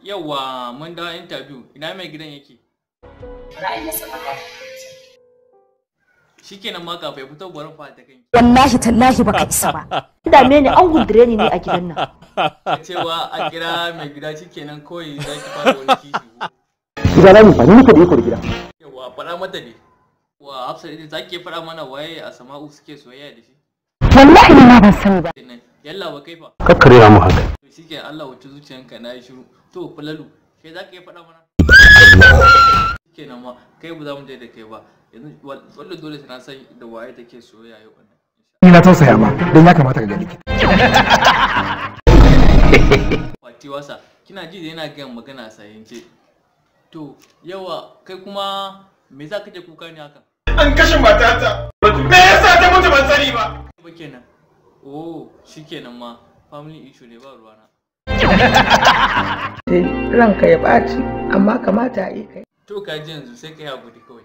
Yawwa mun dawo interview ina mai gidan yake? Ra'ayi na sama shikenan ma kafai fito gwarin fa ta kanki wallahi tallahi baka isa ba me ne an gundure ni ne a gidan nan cewa a kira mai gida shikenan koyi zaki fara wani kishi gida na fa ni ka da iko da gida Yawwa fara mata ne wa hafsa ne zaki fara mana waye a sama'u suke soyayya da shi wallahi ma ban sani ba yalla wa kaifa kakkare mu haka to shike Allah wace zuciyanka na yi shiru to falalu kai za ka yi faɗa mana kenan ma kai ba za mu je da kai ba yanzu dole dole sai na san da waye take soyayya yau wannan ni na tausaya ba don ya kamata ka ga likita wati wasa kina ji da yana ga magana a sayance to yawa kai kuma me za ka je kuka ne haka an kashe matata me yasa ta mutu ban sani ba ba kenan oh shikenan ma family issue ne ba ruwana ranka ya ɓaci amma kamata a yi kai to ka ji yanzu sai ka yi abu kawai